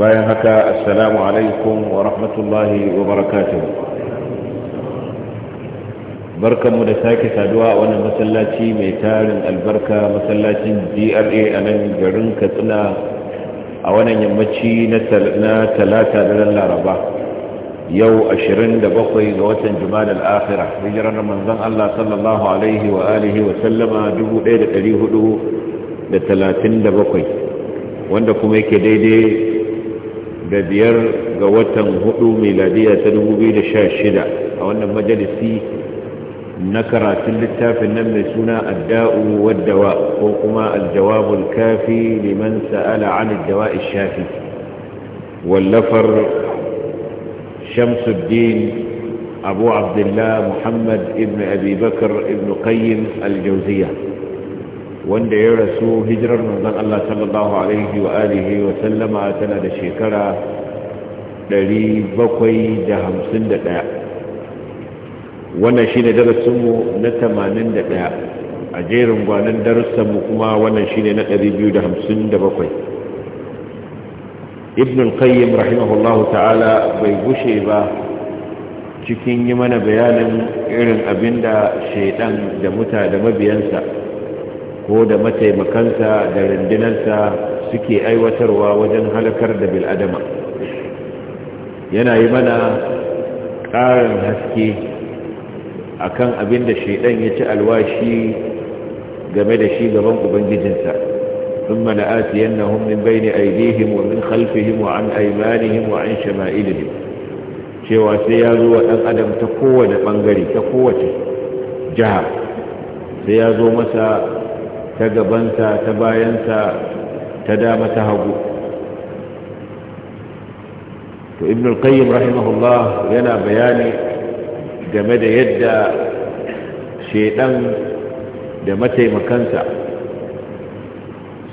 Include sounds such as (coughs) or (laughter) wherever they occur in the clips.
bayan haka assalamu alaikum wa rahmatullahi wa barakatuhu barkanmu da sake saduwa a wannan masallaci mai tarin albarka masallacin dra a nan garin katsina a wannan yammaci na talata da ran laraba yau 27 ga watan jumada al'afira hijirar manzon allah sallallahu alaihi wa alihi wa sallama 1437 wanda kuma yake daidai da biyar ga watan hudu miladiya ta dubu biyu da sha shida a wannan majalisi na karatun littafin nan mai suna adda'u waddawa ko kuma aljawabul kafi liman sa'ala an addawa shafi wallafar shamsuddin abu abdullah muhammad ibn abi bakar ibn qayyim al-jawziyya wanda ya rasu hijirar manzon Allah sallallahu alaihi wa alihi wa sallama tana da shekara 751 wannan shine darasin mu na 81 a jerin gwanan darussan mu kuma wannan shine na 257 ibn al-qayyim rahimahullahu ta'ala bai gushe ba cikin yi mana bayanin irin abinda shaidan da mutane da mabiyansa ko da mataimakanta da rundunarsa suke aiwatarwa wajen halakar da bil'adama yana yi mana ƙarin haske kan abin da shaidan ya ci alwashi game da shi gaban ubangijinsa ثم لآتينهم من بين أيديهم ومن an وعن أيمانهم an شمائلهم cewa sai ya zo wa ɗan adam ta kowane ɓangare ta kowace jiha sai ya zo masa ta gabansa ta bayansa ta dama ta hagu to ibn al-qayyim rahimahullah yana bayani game da yadda shedan da mataimakansa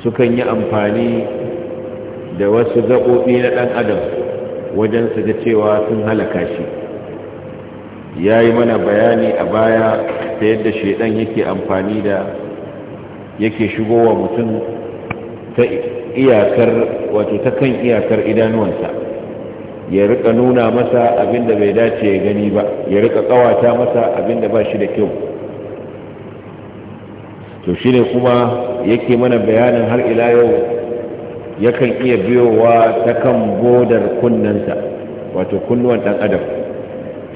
sukan yi amfani da wasu gaɓoɓi na ɗan adam wajen su ga cewa sun halaka shi ya yi mana bayani a baya ta yadda shedan yake amfani da yake shigowa mutum ta iyakar wato ta kan iyakar idanuwansa ya rika nuna masa abinda bai dace ya gani ba ya rika kawata masa abinda ba shi da kyau to shi ne kuma yake mana bayanin har ila yau yakan iya biyowa ta kan bodar kunnensa wato kunnuwan ɗan adam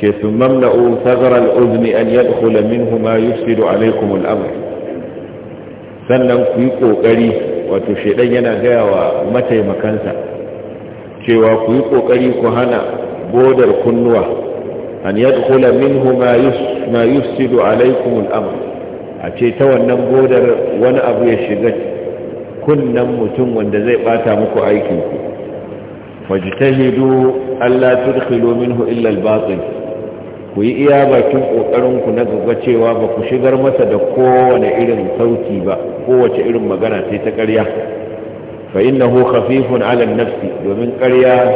ke su mamna'u sagarar uzni an yadda minhu ma yufsidu alaikum al'amur sannan ku yi ƙoƙari wato shaidan yana gaya wa mataimakansa cewa ku yi ƙoƙari ku hana bodar kunnuwa an yadkhula minhu ma yufsidu alaikum al'amur. a ce ta wannan bodar wani abu ya shiga kunnan mutum wanda zai bata muku aikinku. ku fajtahidu alla tudkhilu minhu illa al-batil ku yi iya bakin ƙoƙarinku na gaba cewa ba ku shigar masa da kowane irin sauti ba kowace irin magana sai ta ƙarya fa innahu khafifun ala nafsi domin ƙarya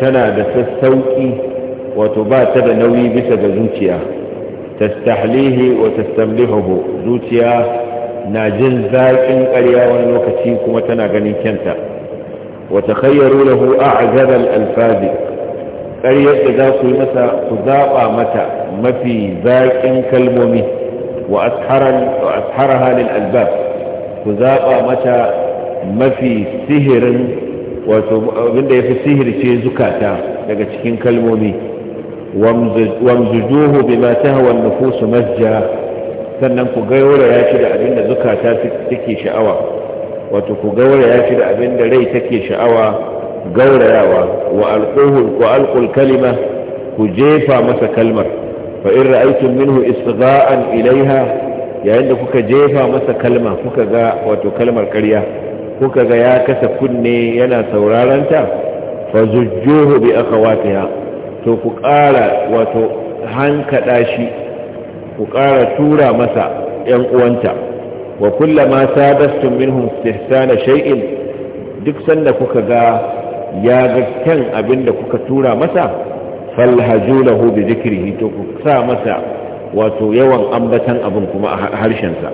tana da sassauki wato ba ta da nauyi bisa ga zuciya tastahlihi wa tastamlihuhu zuciya na jin zaƙin ƙarya wani lokaci kuma tana ganin kyanta wa takhayyaru lahu a'zaba al-alfazi ƙaryar da za ku yi masa ku zaɓa mata mafi zaƙin kalmomi wa ashara halin albab ku zaɓa mata mafi sihirin wato abinda ya fi sihirce zukata daga cikin kalmomi wamzujuhu bima tahwa an-nufusu masja sannan ku gaura ya shi da abinda zukata take sha'awa wato ku gaura ya shi da abinda rai take sha'awa gaurayawa wa alquhul ku kalima ku jefa masa kalmar fa in ra'aytum minhu istigha'an ilaiha yayin da kuka jefa masa kalma kuka ga wato kalmar ƙarya kuka ga ya kasa kunne yana sauraron ta fa zujjuhu bi akhawatiha to ku ƙara wato hankada shi ku ƙara tura masa ‘yan uwanta wa kullama sadastun minhum istihsana shay'in duk sanda kuka ga ya ga kyan abin da kuka tura masa falhajulahu bi zikrihi to ku sa masa wato yawan ambatan abin kuma a harshensa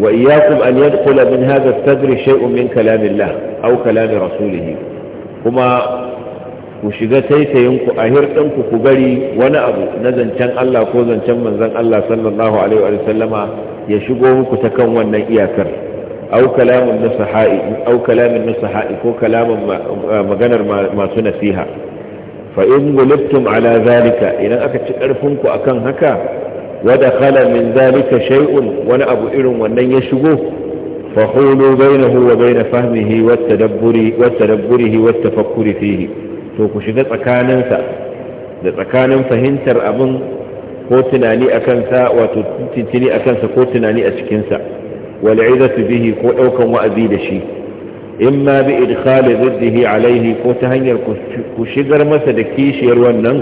wa iyyakum an yadkhula min hadha as-sadri shay'un min kalamillah aw kalami rasulih kuma ku shiga taitayin ku a hirɗin ku ku bari wani abu na zancen Allah ko zancen manzon Allah sallallahu alaihi wa sallama ya shigo muku ta kan wannan iyakar au kalamun nasaha'i au kalamin nasaha'i ko kalamin maganar masu nasiha fa in ala zalika idan aka ci karfin ku akan haka wa dakhala min zalika shai'un wani abu irin wannan ya shigo fa hulu bainahu wa bain fahmihi wa tadabburi wa tadabburihi wa tafakkuri to ku shiga tsakaninsa da tsakanin fahimtar abin ko tunani akan sa wato tintini akan sa ko tunani a cikinsa. wal'izatu bihi ko ɗaukan wa'azi da shi in ma bi idkhali ziddihi alaihi ko ta hanyar ku shigar masa da kishiyar wannan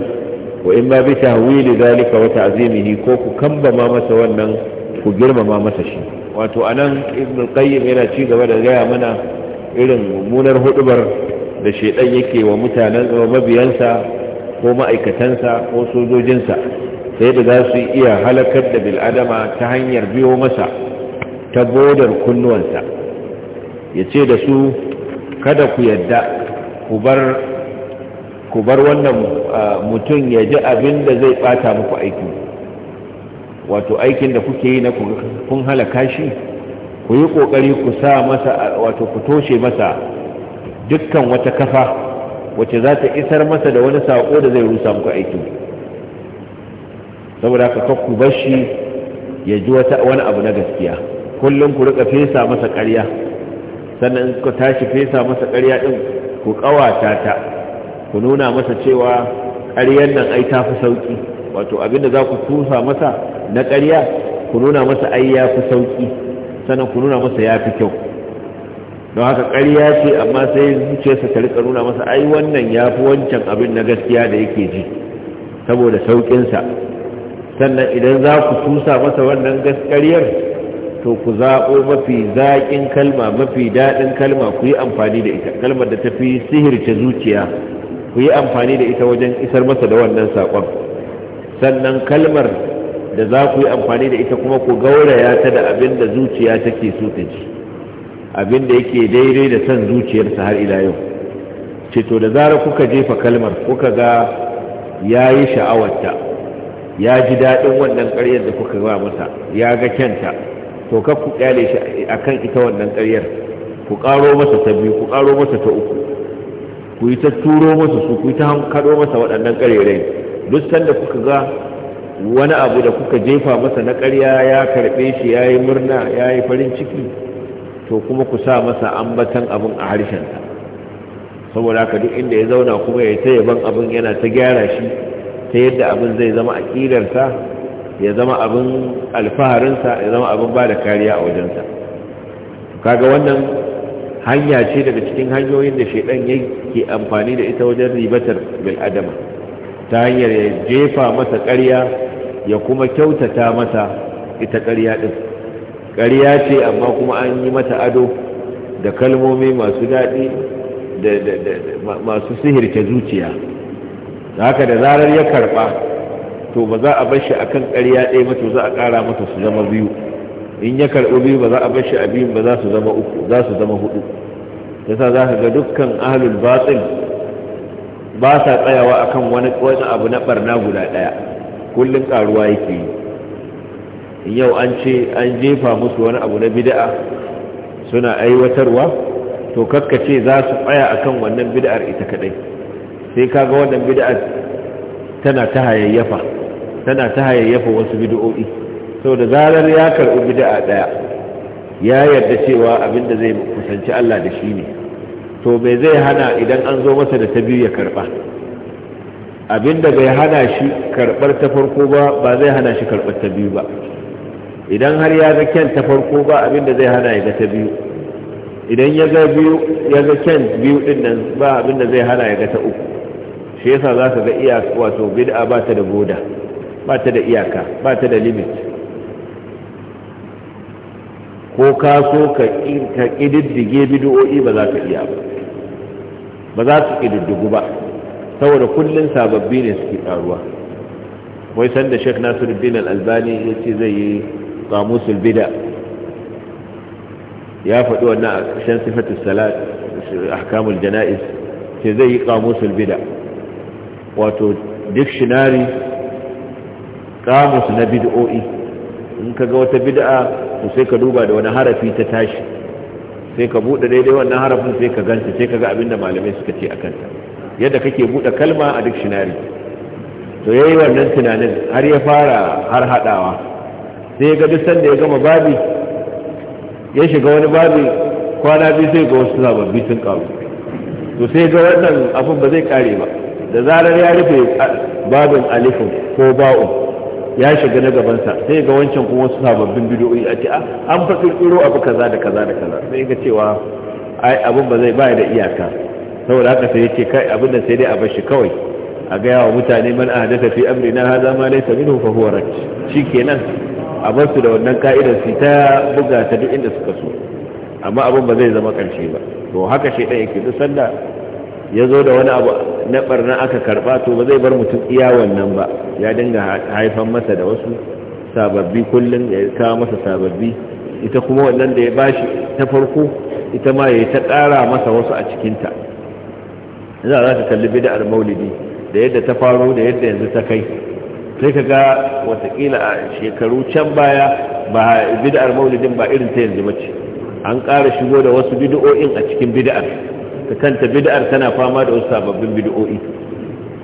wa in ma bi tahwili zalika wa ta'zimihi ko ku kambama masa wannan ku girmama masa shi wato anan ibnu qayyim yana cigaba da gaya mana irin mummunar hudubar da shedan yake wa mutanen mabiyansa ko ma'aikatansa ko sojojinsa sai da za su iya halakar da bil'adama ta hanyar biyo masa ta bodar kunnuwansa ya ce da su kada ku yadda ku bar wannan mutum ya ji abin da zai bata muku aiki wato aikin da kuke yi na kun halaka shi ku yi kokari ku sa masa wato ku toshe masa dukkan wata kafa wace za ta isar masa da wani sako da zai rusa muku aiki saboda haka ku bashi ya ji wani abu na gaskiya kullum ku rika fesa masa ƙarya sannan in ku tashi fesa masa ƙarya din ku ƙawata ta ku nuna masa cewa ƙaryar nan ai ta fi sauki wato abinda za ku tusa masa na ƙarya ku nuna masa ai ya fi sauki sannan ku nuna masa ya fi kyau don haka ƙarya ce amma sai zuciyarsa ta rika nuna masa ai wannan ya fi wancan abin na gaskiya da yake ji saboda sauƙinsa sannan idan za ku tusa masa wannan gaskariyar to ku zaɓo mafi zaƙin kalma mafi daɗin kalma ku yi amfani da ita kalmar da ta fi sihirce zuciya ku yi amfani da ita wajen isar masa da wannan saƙon sannan kalmar da za ku yi amfani da ita kuma ku gauraya ta da abin da zuciya take so ta ji abin da yake daidai da son zuciyarsa har ila yau ceto da zarar kuka jefa kalmar kuka ga ya yi sha'awarta ya ji daɗin wannan ƙaryar da kuka ba masa ya ga kyanta to ka ku kyale shi akan ita wannan karyar ku ƙaro masa ta biyu ku ƙaro masa ta uku ku yi ta turo masa su ku yi ta hankado masa waɗannan karyarai duk sanda kuka ga wani abu da kuka jefa masa na karya ya karɓe shi ya yi murna ya yi farin ciki to kuma ku sa masa ambatan abin a harshensa saboda haka duk inda ya zauna kuma ya ta yaban abin yana ta gyara shi ta yadda abin zai zama a ƙirarsa. ya zama abin alfaharinsa ya zama abin ba da kariya a wajensa kaga wannan hanya ce daga cikin hanyoyin da shaidan yake amfani da ita wajen ribatar bil'adama ta hanyar ya jefa masa karya ya kuma kyautata masa ita karya din karya ce amma kuma an yi mata ado da kalmomi masu daɗi da masu sihirce zuciya haka da zarar ya karɓa to ba za a bar shi akan ƙarya ɗaya ba za a ƙara mata su zama biyu in ya karɓi biyu ba za a bar shi a biyun ba za su zama uku za su zama hudu yasa za ka ga dukkan ahlul batil ba sa tsayawa akan wani wani abu na barna guda ɗaya kullum karuwa yake yi in yau an ce an jefa musu wani abu na bid'a suna aiwatarwa to kakkace za su tsaya akan wannan bid'ar ita kadai sai kaga wannan bid'ar tana ta hayayyafa tana ta hayayyafa wasu bid'o'i da zarar ya karɓi bid'a ɗaya. ya yarda cewa abin da zai kusanci Allah da shi ne to me zai hana idan an zo masa da ta biyu ya karɓa. abin da bai hana shi karɓar ta farko ba ba zai hana shi karɓar ta biyu ba idan har ya ga kyan ta farko ba abin da zai hana ya ga ta biyu idan ya ga biyu ya ga kyan biyu din nan ba abin da zai hana ya ga ta uku shi yasa za ka ga iya wato bid'a ba ta da goda ba ta da iyaka ba ta da limit ko ka so ka ƙididdige bidiyo'i ba za ka iya ba ba za su ƙididdigu ba saboda kullum sababbi ne suke ƙaruwa wai sanda sheikh Bin al-albani ya ce zai yi kamusul bida ya faɗi wannan a ƙarshen sifatis salat ahkamul jana'iz ce zai yi kamusul bida wato dictionary kamus na bid'o'i in ka ga wata bid'a to sai ka duba da wani harafi ta tashi sai ka buɗe daidai wannan harafin sai ka ganta sai ka ga abinda malamai suka ce a kanta yadda kake buɗe kalma a dictionary to yayi wannan tunanin har ya fara har hadawa sai ga duk sanda ya gama babi ya shiga wani babi kwana biyu sai ga wasu sababbi sun karu to sai ga wannan abin ba zai kare ba da zarar ya rufe babin alifin ko ba'un ya shiga na gabansa sai ga wancan kuma wasu sababbin bidiyoyi a ce ah, an fa kirkiro abu kaza da kaza da kaza sai ga cewa ai abin ba zai bai da iyaka saboda haka sai yace kai abin da sai dai a bar shi kawai a ga yawa mutane man ahdatha fi amrina hadha ma laysa minhu fa huwa rad shikenan a bar su da wannan ka'idar su ta buga ta duk inda suka so amma abin ba zai zama karshe ba to haka shedan yake duk sanda ya zo da wani abu na barna aka karba to ba zai bar mutum iya wannan ba ya dinga haifan masa da wasu sababbi kullum ya kawo masa sababbi ita kuma wannan da ya bashi ta farko ita ma ya ta ƙara masa wasu a cikinta za za ka kalli bida'ar maulidi da yadda ta faro da yadda yanzu ta kai sai ka ga watakila a shekaru can baya ba bida'ar maulidin ba irin ta yanzu bace an ƙara shigo da wasu bid'o'in a cikin bida'ar ta kanta bid'ar tana fama da wasu sababbin bid'o'i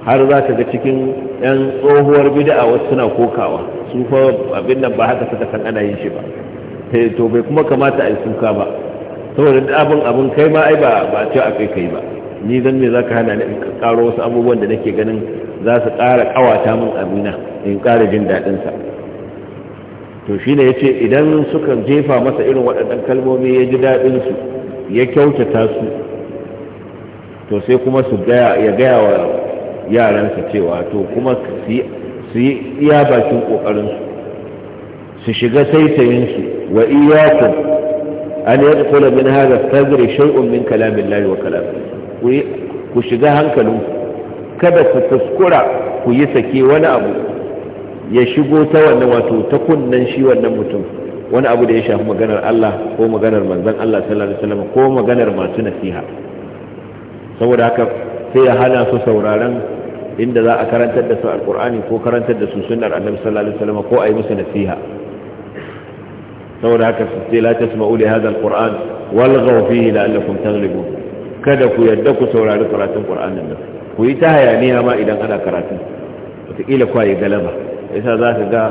har za ka ga cikin 'yan tsohuwar bid'a wasu suna kokawa su fa abin nan ba haka suka san ana yin shi ba eh, to bai kuma kamata a yi suka ba saboda abin abin kai ma ai ba ba ce a kai kai ba ni zan me zaka hana ni in karo wasu abubuwan da nake ganin za su ƙara ƙawata min amina in ƙara jin daɗin sa to shine ce idan suka jefa masa irin waɗannan kalmomi ya ji daɗin su ya kyautata su to sai kuma su ya gaya wa yaransa cewa to kuma su yi iya bakin ƙoƙarinsu su shiga saitayinsu wa iyakun an yi kula min haza fagiri shay'un min kalamin layi wa kalamin ku shiga hankalin kada ku kuskura ku yi sake wani abu ya shigo ta wannan wato ta kunnan shi wannan mutum wani abu da ya shafi maganar Allah ko maganar manzon Allah sallallahu alaihi wasallam ko maganar masu nasiha saboda haka sai ya hana su sauraron inda za a karantar da su alkur'ani ko karantar da su sunnar annabi sallallahu alaihi wasallam ko a yi musu nasiha saboda haka sai la tasma'u li hadha alquran walghaw fihi la'allakum taghlibun kada ku yadda ku saurari karatun qur'anin nan ku yi ta hayaniya ma idan ana karatu wataƙila kwaye galaba yasa za ka ga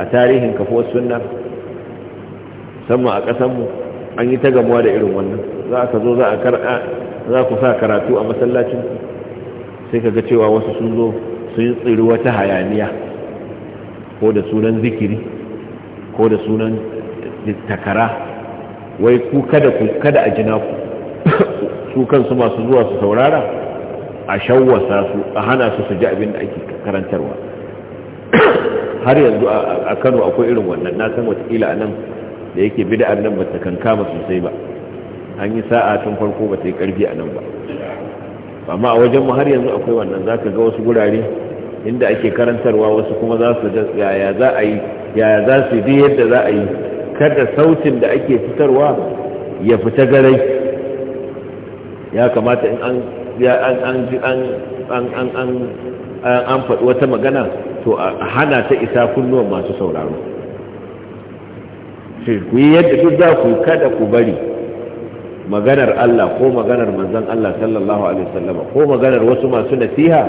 a tarihin kafuwar sunna musamman a ƙasanmu an yi ta gamuwa da irin wannan za ka zo za a za ku sa karatu a masallacin sai ka ga cewa wasu sun zo sun tsiri wata hayaniya ko da sunan zikiri ko da sunan takara wai ku kada ku kada a jina ku (coughs) su kansu masu zuwa su saurara a shawwasa su a hana su su ji abin da ake karantarwa (coughs) har yanzu a kano akwai irin wannan na san watakila a nan da yake bida'ar nan ba ta kankama sosai ba an yi sa'a tun farko ba ta yi karfi a nan ba amma a wajenmu har yanzu akwai wannan za ka ga wasu gurare inda ake karantarwa wasu kuma za su yaya za a yi yaya za su bi yadda za a yi kada sautin da ake fitarwa ya fita garai ya kamata in an an an an an an faɗi wata magana to a hana ta isa kunnuwan masu sauraro ku yi yadda duk za ku kada ku bari maganar Allah ko maganar manzon Allah sallallahu alaihi wasallam ko maganar wasu masu nasiha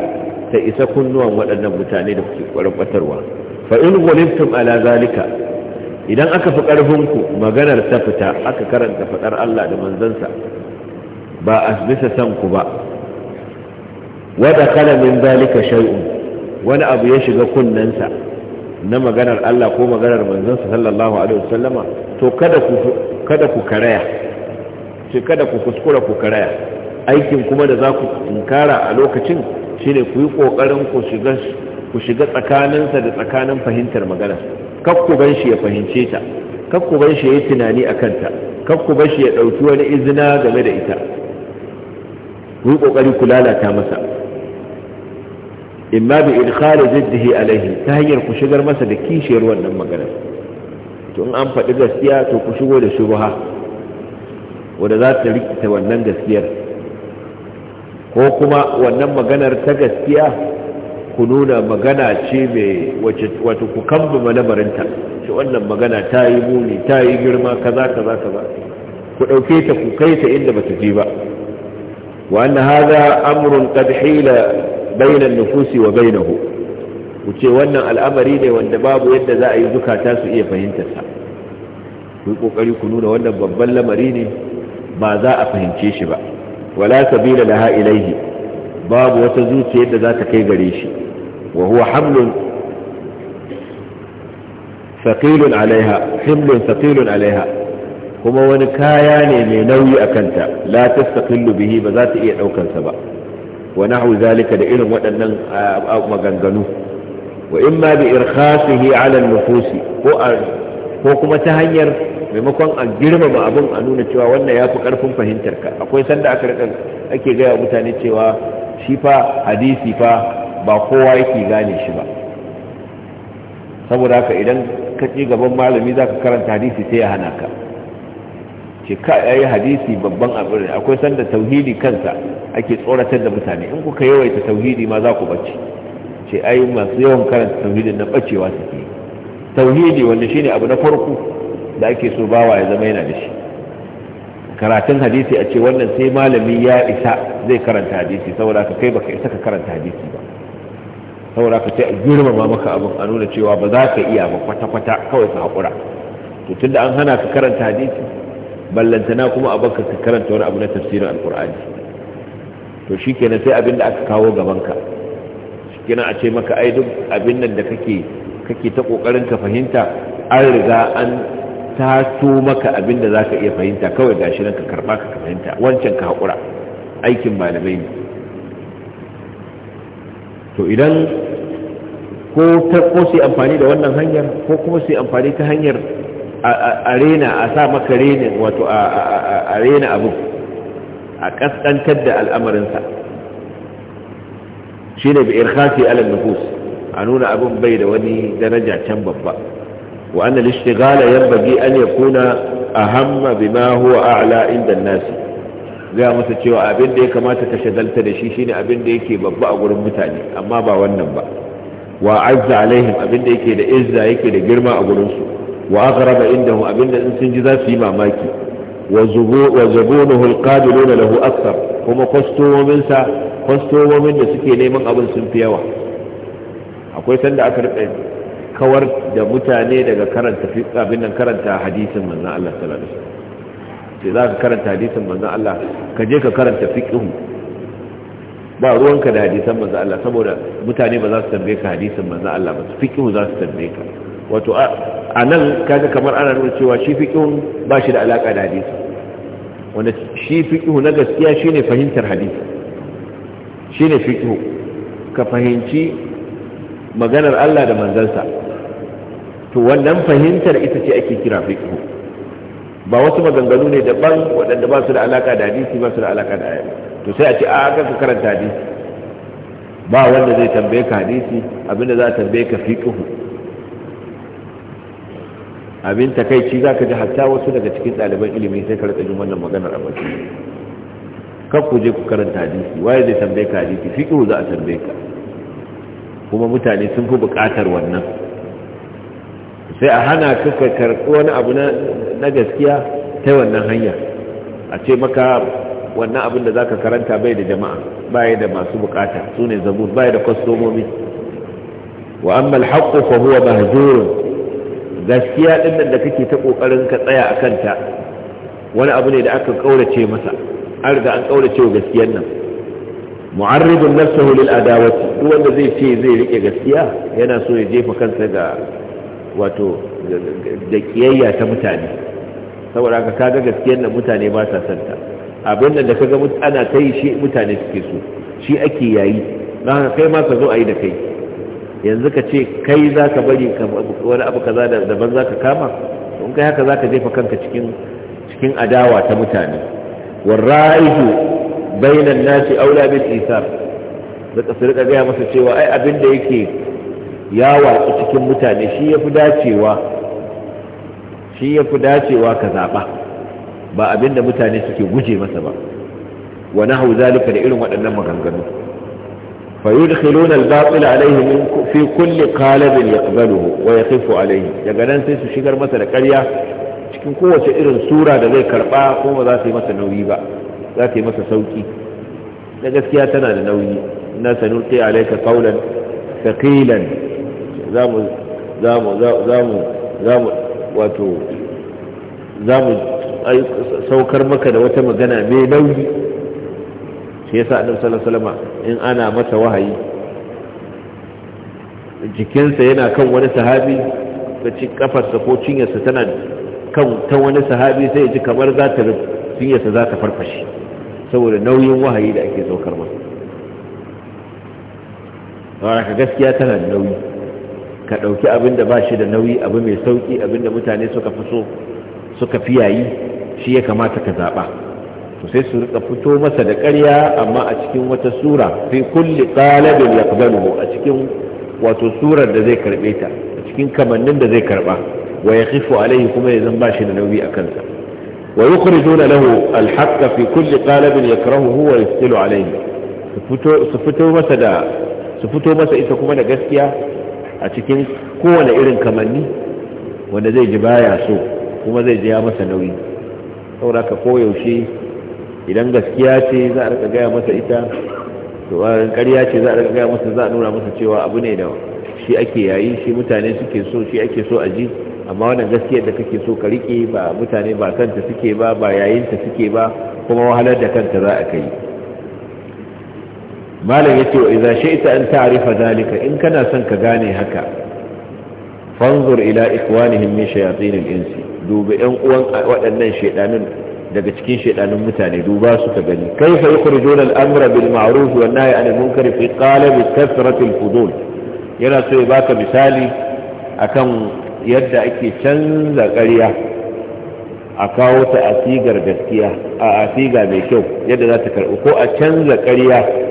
ta isa kunnuwan waɗannan mutane da kuke kwarbatarwa fa in gulibtum ala zalika idan aka fi karfin ku maganar ta fita aka karanta fadar Allah da manzansa ba a bisa san ku ba wa dakala min zalika shay'un wani abu ya shiga kunnansa na maganar Allah ko maganar manzansa sallallahu alaihi wasallama to kada ku kada ku karaya ce kada ku kuskura ku karaya aikin kuma da za ku tunkara a lokacin shine ku yi kokarin ku shiga tsakaninsa da tsakanin fahimtar magana kar ku shi ya fahimce ta kar ku shi ya yi tunani a kanta kar ku shi ya ɗauki wani izina game da ita ku yi kokari ku lalata masa imma bi idkhali ziddihi alaihi ta hanyar ku shigar masa da kishiyar wannan magana to in an faɗi gaskiya to ku shigo da shubha wadda za ta rikita wannan gaskiyar ko kuma wannan maganar ta gaskiya ku nuna magana ce mai wato ku kamba malabarinta shi wannan magana ta yi muni ta yi girma kaza kaza kaza ku ɗauke ta ku kai ta inda ba ta je ba Wannan haza hadha amrun qad hila bayna nufusi wa baynahu ku ce wannan al'amari ne wanda babu yadda za a yi zukata su iya fahimtar sa ku yi ku nuna wannan babban lamari ne ba za a fahimce shi ba wala sabila laha ilaihi babu wata zuciyar da za ta kai gare shi wa huwa hamlun thaqilun alaiha hamlun alaiha kuma wani kaya ne mai nauyi a kanta la tastaqillu bihi ba za ta iya daukar sa ba wa nahu zalika da irin waɗannan maganganu wa imma bi irkhasihi ala nufusi ko ko kuma ta hanyar maimakon a girmama abin a nuna cewa wannan ya fi karfin fahimtar ka akwai sanda aka rika ake gaya wa mutane cewa shi fa hadisi fa ba kowa yake gane shi ba saboda haka idan ka ci gaban malami zaka karanta hadisi sai ya hana ka ce ka yayi hadisi babban abin akwai sanda tauhidi kansa ake tsoratar da mutane in kuka yawaita tauhidi ma za ku bacci ce ai masu yawan karanta tauhidin na bacewa suke tauhidi wanda shine abu na farko da ake so bawa ya zama yana da shi karatun hadisi a ce wannan sai malami ya isa zai karanta hadisi saboda ka kai baka isa ka karanta hadisi ba saboda ka sai a girmama maka abin a nuna cewa ba za ka iya ba kwata-kwata kawai ka haƙura to tunda an hana ka karanta hadisi ballantana kuma a baka ka karanta wani abu na tafsirin alƙur'ani to shi kenan sai abin da aka kawo gabanka shi kenan a ce maka ai duk abin nan da kake kake ta kokarin ka fahimta an riga an tato maka abin da za ka iya fahimta kawai gashi nan ka karba ka fahimta wancan ka haƙura aikin malamai ne to idan ko sai amfani da wannan hanyar ko kuma sai amfani ta hanyar arena a sa maka renin wato a rena abu a kaskantar da al'amarinsa shi ne bi irkhafi alal nufus a nuna abin bai da wani daraja can babba وأن الاشتغال ينبغي أن يكون أهم بما هو أعلى عند الناس gaya masa cewa abin ya kamata ka shagalta da shi shine abin yake babba a gurin mutane amma ba wannan ba wa azza alaihim yake da izza yake da girma a gurin su wa aghraba indahum abin da in sun za su yi mamaki wa zubu kuma kwastomomin kwastomomin da suke neman abin sun fi yawa akwai sanda aka kawar da mutane daga karanta abin nan karanta hadisin manzon Allah sallallahu alaihi wasallam sai za ka karanta hadisin manzon Allah ka je ka karanta fiqhu ba ruwanka da hadisan manzon Allah saboda mutane ba za su tambaye ka hadisin manzon Allah ba fiqhu za su tambaye ka wato a nan kaga kamar ana nuna cewa shi fiqhun ba shi da alaka da hadisi wanda shi fiqhu na gaskiya shine fahimtar hadisi shine fiqhu ka fahimci maganar Allah da manzansa to wannan fahimtar ita ce ake kira fiqh ba wasu maganganu ne daban waɗanda ba su da alaka da hadisi ba su da alaka da ayat to sai a ce a ka karanta hadisi ba wanda zai tambaye ka hadisi abinda za a tambaye ka fiqh abin takaici za ka ji hatta wasu daga cikin ɗaliban ilimi sai ka rika jin wannan maganar a baki kan ku je ku karanta hadisi waye zai tambaye ka hadisi fiqh za a tambaye ka kuma mutane sun fi buƙatar wannan sai a hana ka karɓi wani abu na gaskiya ta wannan hanya a ce maka wannan abin da zaka karanta bai da jama'a bai da masu bukata su ne zabur bai da kwastomomi wa amma alhaqqu fa huwa mahjur gaskiya din nan da kake ta kokarin ka tsaya akan ta wani abu ne da aka kaurace masa an riga an ƙaurace wa gaskiyar nan mu'arridun nafsuhu lil adawati duk wanda zai ce zai rike gaskiya yana so ya jefa kansa ga wato da kiyayya ta mutane saboda ka kaga gaskiyar da mutane ba sa santa abin nan da ga ana ta yi shi mutane suke so shi ake yayi don kai ma ka zo a yi da kai yanzu ka ce kai za ka bari wani abu kaza da daban za ka kama in kai haka za ka jefa kanka cikin cikin adawa ta mutane warra'ihu bainan nasi aula bil isar da ka sirka gaya masa cewa ai abin da yake ya watsu cikin mutane shi ya fi dacewa shi ya fi dacewa ka zaɓa ba abinda mutane suke guje masa ba wa Hauza zalika da irin waɗannan maganganu fa yudkhiluna al-batil alayhi min fi kulli qalab yaqbaluhu wa yaqifu alayhi daga nan sai su shigar masa da ƙarya cikin kowace irin sura da zai karba ko ba za su yi masa nauyi ba za ta yi masa sauki na gaskiya tana da nauyi na sanurti alayka qawlan thaqilan za mu saukar maka da wata magana mai nauyi shi yasa annabi sallallahu alaihi wasallam in ana masa wahayi jikinsa yana kan wani sahabi ka ci kafarsa ko cinyarsa tana kan ta wani sahabi sai ya ji kamar za ta cinyarsa za ta farfashe saboda nauyin wahayi da ake saukar masa saboda gaskiya tana da nauyi ka ɗauki abin da ba shi da nauyi abu mai sauƙi abin da mutane suka fi so suka fi yayi shi ya kamata ka zaɓa to sai su rika fito masa da ƙarya amma a cikin wata sura fi kulli qalabin yaqbaluhu a cikin wato surar da zai karbe ta a cikin kamannin da zai karba wa yakhifu alaihi kuma ya ba shi da nauyi a kansa wa yukhrijuna lahu alhaqqa fi kulli qalabin yakrahuhu wa yaftilu alaihi su fito masa da su fito masa ita kuma da gaskiya a cikin kowane irin kamanni wanda zai ji baya so kuma zai ji ya masa nauyi saboda ka koyaushe idan gaskiya ce za a rika gaya masa ita to an ƙarya ce za a rika gaya masa za a nuna masa cewa abu ne da shi ake yayi shi mutane suke so shi ake so a ji amma wannan gaskiyar da kake so ka rike ba mutane ba kanta suke ba ba yayin ta suke ba kuma wahalar da kanta za a kai malam yace wa idza shaita an ta'rifa zalika in kana son ka gane haka fanzur ila ikwanihim min shayatin al-ins duba yan uwan waɗannan shedanin daga cikin shedanin mutane duba su ka gani kaifa yukhrijuna al-amra bil ma'ruf wa nahy 'anil munkar fi qalbi kasrati al-fudul yana so ya baka misali akan yadda ake canza ƙarya a kawo ta asigar gaskiya a asiga mai kyau yadda za ta karɓi ko a canza ƙarya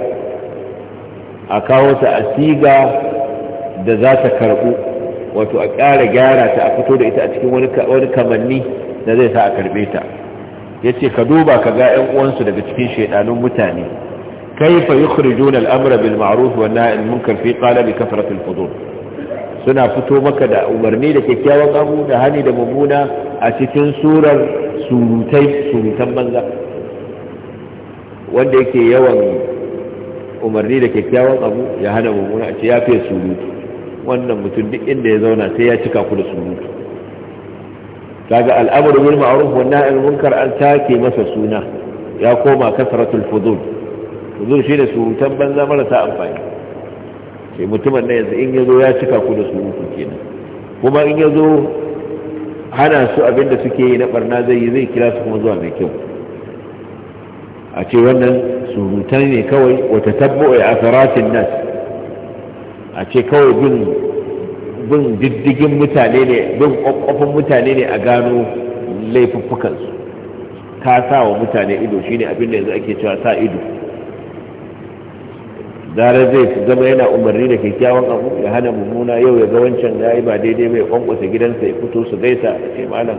a kawo ta a siga da za ta karɓu wato a ƙara gyara ta a fito da ita a cikin wani kamanni da zai sa a karɓe ta ya ce ka duba ka ga 'yan uwansu daga cikin shaidanun mutane kaifa yukhrijun al'amra bil ma'ruf wa nahyi anil munkar fi qalabi kafrat fudur suna fito maka da umarni da kyakkyawan abu da hani da mummuna a cikin surar surutai surutan banza wanda yake yawan umarni da kyakkyawan abu ya hana mummuna a ce ya fiye surutu wannan mutum duk inda ya zauna sai ya cika ku da surutu kaga al'amuru bil ma'ruf wa nahy anil munkar an take masa suna ya koma kasratul fudul fudul shine surutan banza marasa amfani sai mutumin nan yanzu in ya zo ya cika ku da surutu kenan kuma in ya zo hana su abinda suke yi na barna zai yi zai kira su kuma zuwa mai kyau a ce wannan surutai ne kawai wata tabbo a asaratin nas a ce kawai bin diddigin mutane ne bin ƙwaƙwafin mutane ne a gano laifuffukansu ka sa wa mutane ido shine abin da yanzu ake cewa sa ido zara zai zama yana umarni da kyakkyawan abu ya hana mummuna yau ya ga wancan ya yi ba daidai mai kwankwasa gidansa ya fito su gaisa a ce malam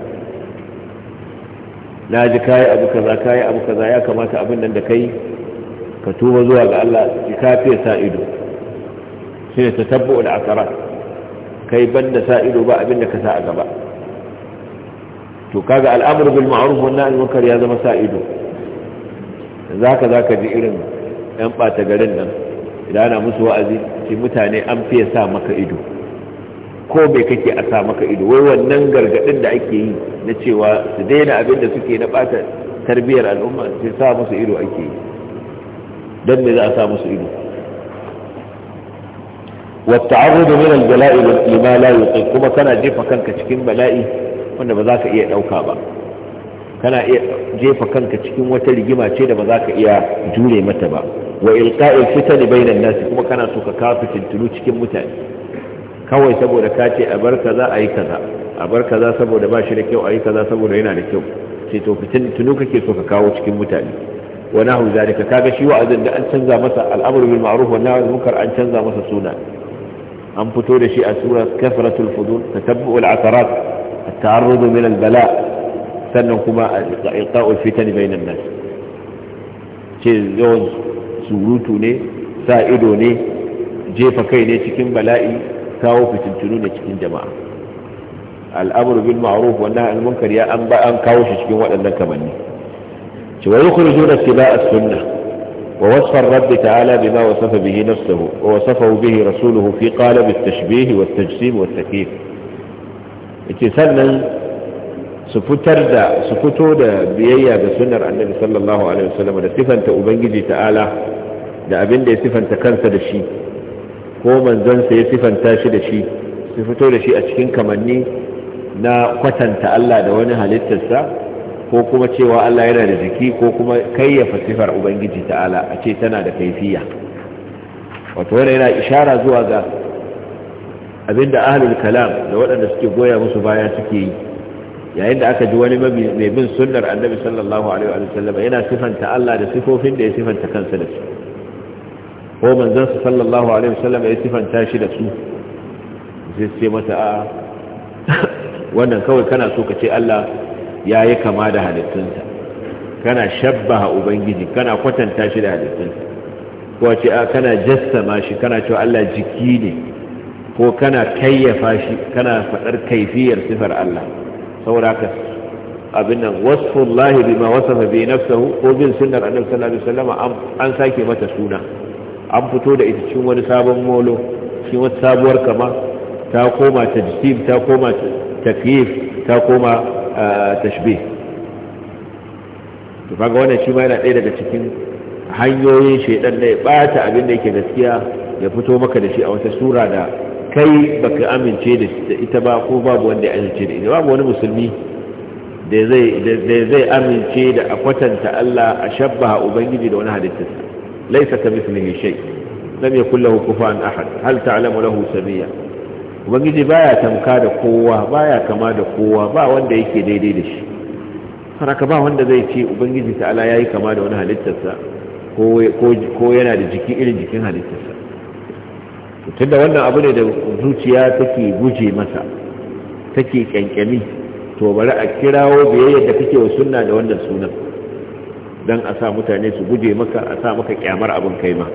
na ji kayi abu kaza kayi abu kaza ya kamata abin nan da kai ka tuba zuwa ga Allah ka fiye sa ido shi ne tatabbu da asara kai banda sa ido ba abin da ka sa a gaba to kaga al'amur bil ma'ruf wa nahy munkar ya zama sa ido zaka zaka ji irin yan bata garin nan idan ana musu wa'azi ki mutane an fiye sa maka ido ko bai kake a sa maka ido wai wannan gargadin da ake yi na cewa su daina abin da suke na bata tarbiyar al'umma sai sa musu ido ake yi dan me za a sa musu ido wa ta'arrudu min al-bala'i lima la yuqiq kuma kana jefa kanka cikin bala'i wanda ba za ka iya dauka ba kana iya jefa kanka cikin wata rigima ce da ba za ka iya jure mata ba wa ilqa'il fitan bainan nas kuma kana so ka kafa tuntulu cikin mutane kawai saboda ka ce a bar kaza a yi kaza a bar kaza saboda ba shi da kyau a yi kaza saboda yana da kyau sai to fitin tunu kake so ka kawo cikin mutane wa nahu zalika kaga shi wa'azin da an canza masa al'amr bil ma'ruf wa an canza masa suna an fito da shi a sura kafratul fudul tatabbu'ul asarat at-ta'arrud min al-bala sannan kuma iqa'ul fitan bainan nas ce yawan surutu ne sa ido ne jefa kai ne cikin bala'i kawo fitintunu ne cikin jama'a al'amr bil ma'ruf wa nahy al-munkar ya an ba an kawo shi cikin waɗannan kamanni ويخرجون اتباع السنة ووصف الرب تعالى بما وصف به نفسه ووصفه به رسوله في قالب التشبيه والتجسيم والتكييف اتسنى سفتر دا سفتو دا بيئيا دا النبي صلى الله عليه وسلم دا سفنت أبنجي تعالى دا أبن دا سفنت كنس دا شي ومن زن سي سفنت شي دا شي سفتو دا شي أشكين كمني نا قتن تألا دا ونها للتسا ko kuma cewa Allah yana da jiki ko kuma kayyafa sifar ubangiji ta'ala a ce tana da kaifiya wato wannan yana ishara zuwa ga abinda ahlul kalam da waɗanda suke goya musu baya suke yi yayin da aka ji wani mai bin sunnar annabi sallallahu alaihi wa sallam yana sifanta Allah da sifofin da ya sifanta kansa da su ko manzon sallallahu alaihi wa sallam ya sifanta shi da su sai sai mata a (laughs) wannan kawai kana so ka ce Allah ya yi kama da halittunsa kana shabbaha ubangiji kana kwatanta shi da halittunsa ko ce a kana jassama shi kana cewa Allah jiki ne ko kana kayyafa shi kana faɗar kaifiyar sifar Allah saboda haka abin nan wasfullahi bima wasafa bi nafsihi ko bin sunnar annabi sallallahu alaihi an sake mata suna an fito da ita cikin wani sabon molo cikin wata sabuwar kama ta koma tajdid ta koma takyif ta koma tashbih to kaga wannan shi ma yana ɗaya daga cikin hanyoyin shaidan da ya bata abin da yake gaskiya ya fito maka da shi a wata sura da kai baka amince da ita ba ko babu wanda ya amince da ita babu wani musulmi da zai amince da a kwatanta Allah a shabbaha ubangiji da wani halittarsa laisa ka mislihi shay lam yakul lahu kufuwan ahad hal ta'lamu lahu samia ubangiji baya tamka da kowa baya kama da kowa ba wanda yake daidai da shi haraka ba wanda zai ce ubangiji ta'ala yayi kama da wani halittarsa ko yana da jiki irin jikin halittarsa da wannan abu ne da zuciya take guje masa take kyankyami to bari a kirawo biyayyar da kake wa sunna da wannan sunan don a sa mutane su guje maka a sa maka kyamar abin kai ma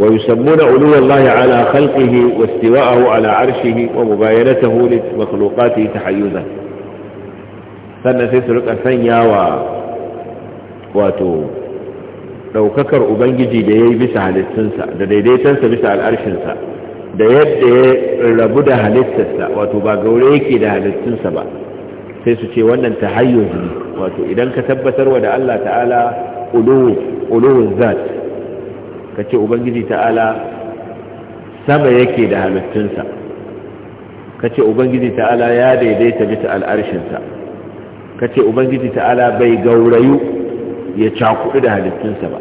ويسمون علو الله على خلقه واستواءه على عرشه ومباينته لمخلوقاته تحيزا sannan sai su rika sanya wa wato daukakar ubangiji da ya yi bisa halittunsa da daidaitonsa bisa al'arshinsa da yadda ya rabu da halittarsa wato ba gaure yake da halittunsa ba sai su ce wannan ta ne wato idan ka tabbatar wa da allah ta'ala uluwun ka ce ubangiji ta'ala sama yake da halittunsa ka ce ubangiji ta'ala ya daidaita bisa al'arshinsa ka ce ubangiji ta'ala bai gaurayu ya cakudu da halittunsa ba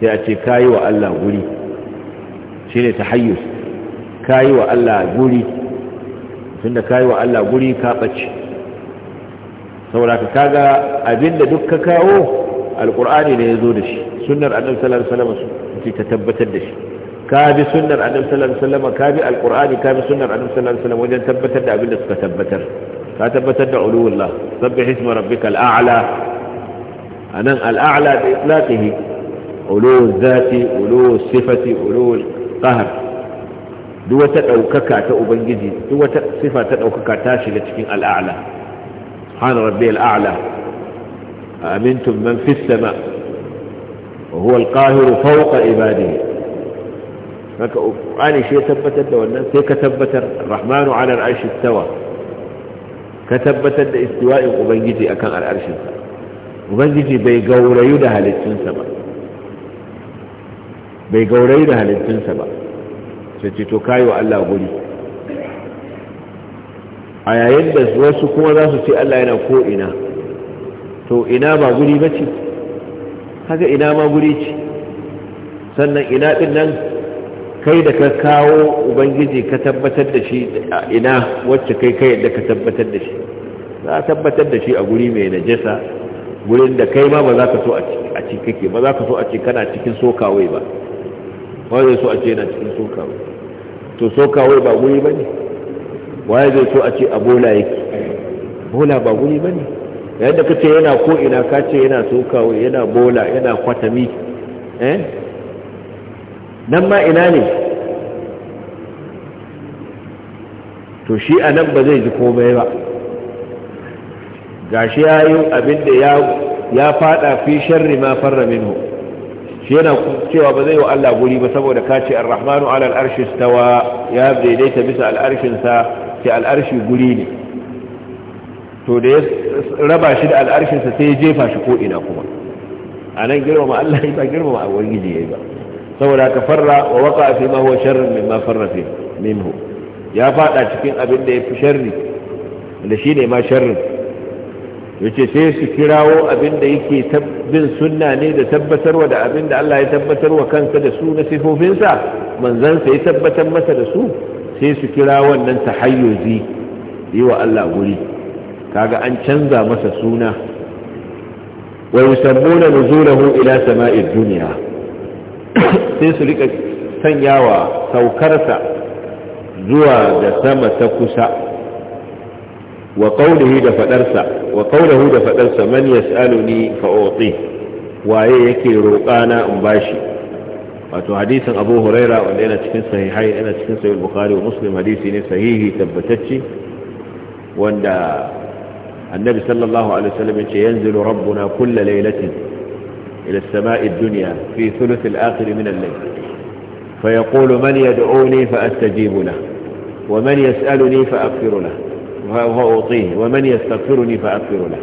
sai a ce kayi wa Allah guri shi ne ta hayyus kayi wa Allah guri tunda kayi wa Allah guri ka ɓace saboda ka kaga abinda duk ka kawo alkur'ani ne ya zo da shi sunnar annabi sallallahu alaihi wasallam ce ta tabbatar da shi ka bi sunnar annabi sallallahu alaihi wasallam ka bi alqur'ani ka bi sunnar annabi sallallahu alaihi wasallam wajen tabbatar da abin da suka tabbatar ka tabbatar da uluwullah sabbih isma rabbikal a'la anan al'a'la bi itlaqihi uluwuz zati uluwuz sifati uluwul qahr duk wata daukaka ta ubangiji duk wata sifa ta daukaka ta shiga cikin al'a'la subhana rabbiyal a'la amintum man fis sama' wa huwa al-qahiru fawqa ibadihi tabbatar da wannan sai ka tabbatar rahmanu 'ala al-'arshi istawa ka tabbatar da istiwa'in ubangiji akan al ubangiji bai gaurayu da ba Allah a yayin da wasu kuma za su ce Allah yana ko ina to ina ba guri ba ce kaga ina ma guri ce sannan ina din nan kai da ka kawo ubangiji ka tabbatar da shi a ina wacce kai kai da ka tabbatar da shi za a tabbatar da shi a guri mai najasa gurin da kai ma ba za ka so a ci kake ba za ka so a ce kana cikin sokawai ba ba zai so a ce yana cikin sokawai to sokawai ba guri ba ne ba zai so a ce a bola yake bola ba guri ba ne yadda ka ce yana ko'ina ina ka ce yana sokawa yana bola yana kwatami eh? nan ma ina ne to shi a nan ba zai ji komai ba gashi ya yi abinda ya fada fi sharri ma farra minhu shi yana cewa ba zai wa Allah guri ba saboda ka ce ar-rahmanu ala al-arshi stawa ya daidaita bisa al-arshin sa ce al-arshi guri ne to da ya raba shi da al'arshinsa sai ya jefa shi ko ina kuma a nan girmama Allah ya ba girmama a wangiji ya yi ba saboda ka farra wa waka fi ma sharrin min ma farra fi minhu ya fada cikin abin da ya fi sharri da ne ma sharrin yace sai su kirawo abin da yake bin sunna ne da tabbatarwa da abin da Allah ya tabbatarwa kansa da su na sifofinsa manzansa ya tabbatar masa da su sai su kira wannan tahayyuzi yi wa Allah guri kaga an canza masa suna wa yusammuna nuzulahu ila sama'id dunya (coughs) sai su rika sanyawa saukarsa zuwa da sama ta kusa wa qawlihi da fadarsa wa qawluhu da fadarsa man yas'aluni fa uti waye yake roƙana in bashi wato hadisin Abu Huraira wanda yana cikin sahihai yana cikin sahih Bukhari wa Muslim hadisi ne sahihi tabbatacce wanda النبي صلى الله عليه وسلم ينزل ربنا كل ليلة إلى السماء الدنيا في ثلث الآخر من الليل فيقول من يدعوني فأستجيب له ومن يسألني فأغفر له وأعطيه ومن يستغفرني فأغفر له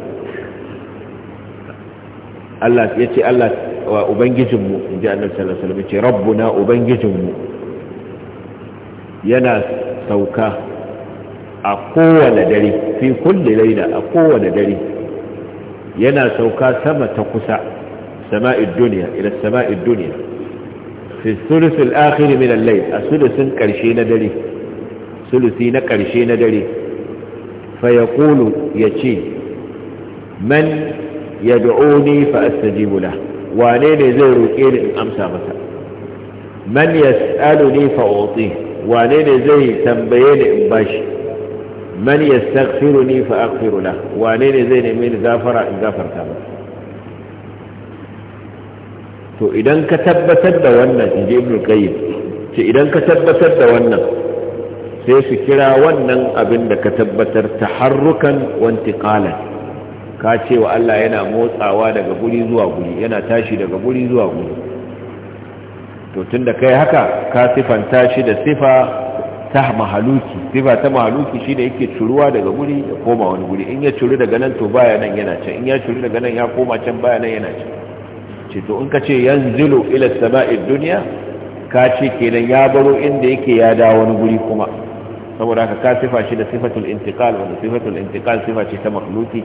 الله يتي الله Allah wa Ubangijinmu in ji annabi sallallahu ربنا wasallam ya ce rabbuna a kowane dare fi kulle laila a kowane dare yana sauka sama ta kusa sama'id duniya ila sama'id duniya fi sulusul akhir min al-layl a sulusin karshe na dare sulusi na karshe na dare fa yaqulu yace man yad'uni fa astajibu lah wane ne zai roke ni in amsa masa man yas'aluni fa uti wane ne zai tambaye ni in bashi man yastaghfiruni fa aghfiru lah wane ne zai nemi ni gafara in gafarta ba to idan ka tabbatar da wannan in ji qayyim ce idan ka tabbatar da wannan sai su kira wannan abin da ka tabbatar taharrukan wa intiqalan ka ce wa Allah yana motsawa daga guri zuwa guri yana tashi daga guri zuwa guri to tunda kai haka ka sifanta shi da sifa ta mahaluki sifa ta mahaluki shi da yake curuwa daga guri ya koma wani guri in ya curu daga nan to baya nan yana can in ya curu daga nan ya koma can baya nan yana can ce to in ka ce yanzilu ila sama'id dunya ka ce kenan ya baro inda yake ya dawo wani guri kuma saboda haka ka sifa shi da sifatul intiqal wanda sifatul intiqal sifa ce ta makhluki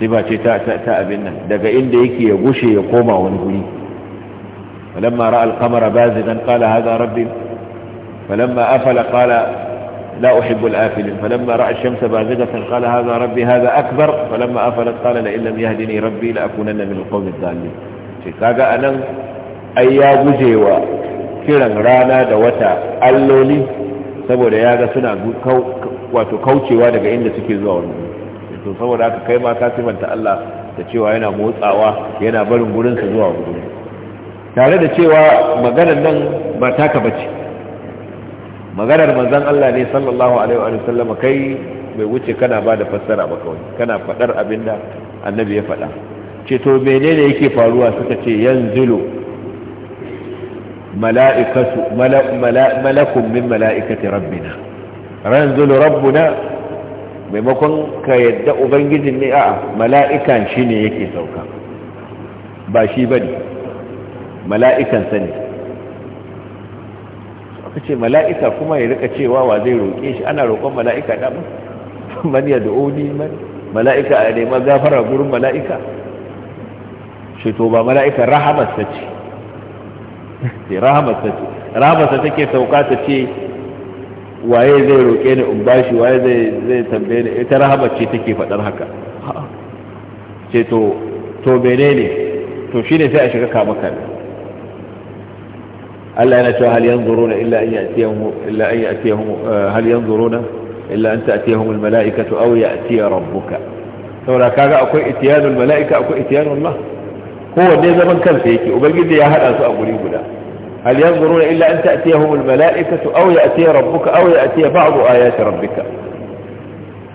sifa ce ta ta abin nan daga inda yake ya gushe ya koma wani guri falamma ra'a al-qamara bazidan qala hadha rabbi فلما أفل قال لا أحب الآفلين فلما رأى الشمس بازغة قال هذا ربي هذا أكبر فلما أفلت قال لئن لم يهدني ربي لأكونن من القوم الضالين شكاغا أنا أي يا بجيوا kiran rana da wata alloli saboda ya ga suna wato kaucewa daga inda suke zuwa wani to saboda haka kai ma Allah da cewa yana motsawa yana barin gurinsa zuwa wani tare da cewa maganar nan ba taka maganar manzan Allah ne sallallahu alaihi wa sallam kai bai wuce kana ba da fassara ba kawai kana faɗar abinda annabi ya faɗa ce to menene yake faruwa suka ce yanzilu mala'ikatu malakun min mala'ikati rabbina ranzilu rabbuna maimakon ka yadda ubangijin ne a'a mala'ikan shine yake sauka ba shi bane mala'ikan sani suka ce mala'ika kuma ya rika cewa wa zai roƙe shi ana roƙon mala'ika da (laughs) man ya da'uni man mala'ika a nema gafara gurin mala'ika shi to ba mala'ika rahamar ta ce rahamar ta ce rahamar ta take sauka ta ce waye zai roƙe ni in bashi waye zai tambaye ni ita rahamar ce take faɗar haka ce to to menene to shine sai a shiga kama kame Allah yana cewa hal yanzuruna illa an ya'tiyahum illa an ya'tiyahum eh, hal yanzuruna illa an ta'tiyahum al mala'ikatu aw ya'tiya rabbuka saboda kaga akwai itiyanul mala'ika akwai itiyanul ma kowanne zaman kansa yake ubangiji ya hada su a guri guda hal yanzuruna illa an ta'tiyahum al mala'ikatu aw ya'tiya rabbuka aw ya'tiya ba'd ayati rabbika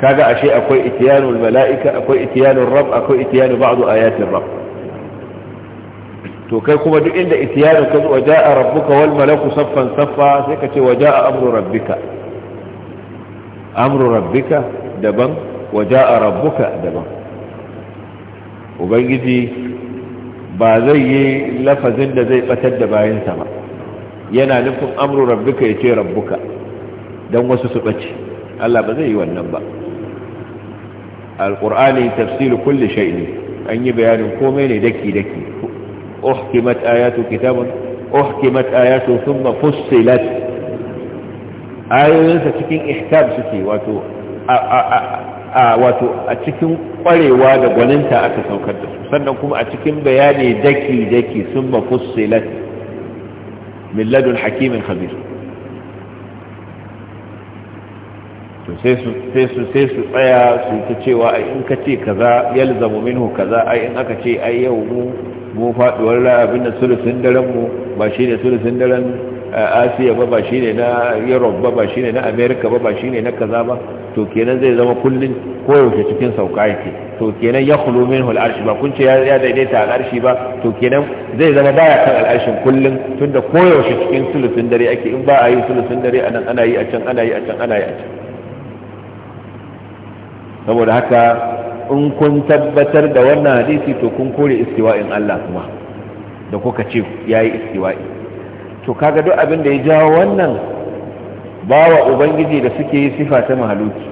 kaga ashe akwai itiyanul mala'ika akwai itiyanul rabb akwai itiyanu ba'd ayati rabb to kai kuma duk inda itiyanu ka zo ja'a rabbuka wal malaku saffan saffa sai ka ce waja'a amru rabbika amru rabbika daban waja'a rabbuka daban ubangiji ba zai yi lafazin da zai batar da bayansa ba yana nufin amru rabbika ya ce rabbuka don wasu su ɓace Allah ba zai yi wannan ba alƙur'ani tafsiru kulli shay'in an yi bayanin komai ne daki daki أحكمت آياته كتاب أحكمت آياته ثم فصلت آيوين ستكين إحكام سكي واتو wato a cikin kwarewa da gwaninta aka saukar da su sannan kuma a cikin bayani daki-daki sun mafussilat milladun hakimin khabir to sai su sai su tsaya su ta cewa in ka ce kaza yalzamu minhu kaza ai in aka ce ai yau mu mu faduwar abin da sulusin daren mu ba shine sulusin daren asiya ba ba shi ne na europe ba ba ne na america ba ba ne na kaza ba to kenan zai zama kullun koyaushe cikin sauka yake to kenan ya khulu minhu al'arshi ba kun ce ya daidaita al'arshi ba to kenan zai zama baya kan al'arshin kullun tunda koyaushe cikin sulusin dare ake in ba a yi sulusin dare anan ana yi a can ana yi a can ana yi a can saboda haka in kun tabbatar da wannan hadisi to kun kore istiwa'in Allah kuma da kuka ce yayi istiwa'i to kaga duk abin da ya jawo wannan bawa ubangiji da suke yi sifa ta mahaluki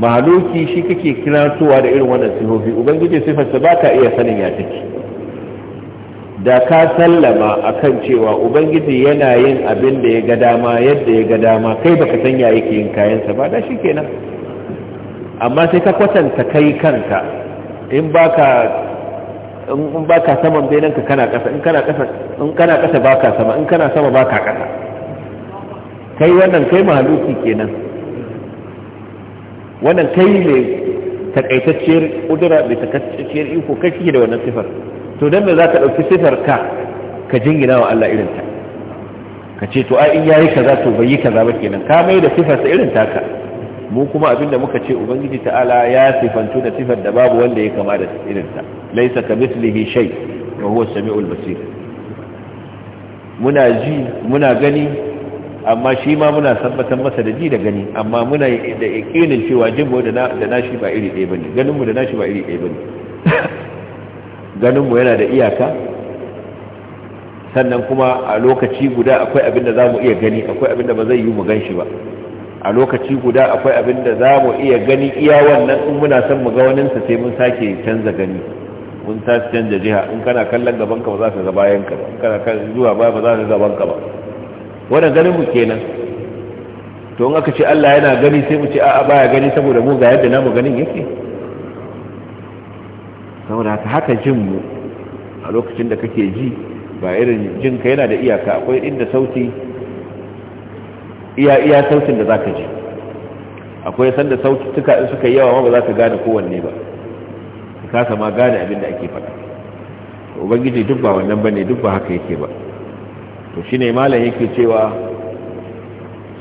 mahaluki shi kake kiratowa da irin wannan sifofi ubangiji sifarsa ba ka iya sanin ya take da ka sallama akan cewa ubangiji yana yin abin da ya ga dama yadda ya ga dama kai baka san ya yake yin kayansa ba da shi kenan amma sai ka kwatanta kai kanka in baka in baka saman benen ka kana kasa in kana kasa in kana kasa baka sama in kana sama baka kasa kai wannan kai mahaluki kenan wannan kai ne takaitacciyar kudura mai takaitacciyar iko kai kike da wannan sifar to dan da zaka dauki sifar ka ka jingina wa Allah irin ta ka ce to ai in yayi kaza to bai yi kaza ba kenan ka mai da sifar sa irin taka mu kuma abinda muka ce ubangiji ta'ala ya sifantu da sifar da babu wanda ya kama da irinta laisa ka mislihi shay wa huwa samiul basir muna ji muna gani amma shi ma muna sabbatar masa da ji da gani amma muna da yakinin cewa jin mu da da nashi ba iri ɗaya bane ganin mu da nashi ba iri ɗaya bane (coughs) ganin mu yana da iyaka sannan kuma a lokaci guda akwai abin da zamu iya gani akwai abin da ba zai yi mu ganshi ba a lokaci guda akwai abin da za mu iya gani iya wannan in muna son mu ga wani sai mun sake canza gani mun ta canza jiha in kana kallon gaban ka ba za ka ga bayan ka in kana kallon zuwa baya ba za ka ga gaban ka ba wannan ganin mu kenan to in aka ce Allah yana gani sai mu ce a'a baya gani saboda mu ga yadda namu ganin yake saboda haka haka jin mu a lokacin da kake ji ba irin jin ka yana da iyaka akwai inda sauti iya iya sautin da zaka ji akwai sanda sautuka in suka yi yawa ba za ka gane kowanne ba ka kasa gane abin da ake faɗa ubangiji duk ba wannan bane duk ba haka yake ba to shine malam yake cewa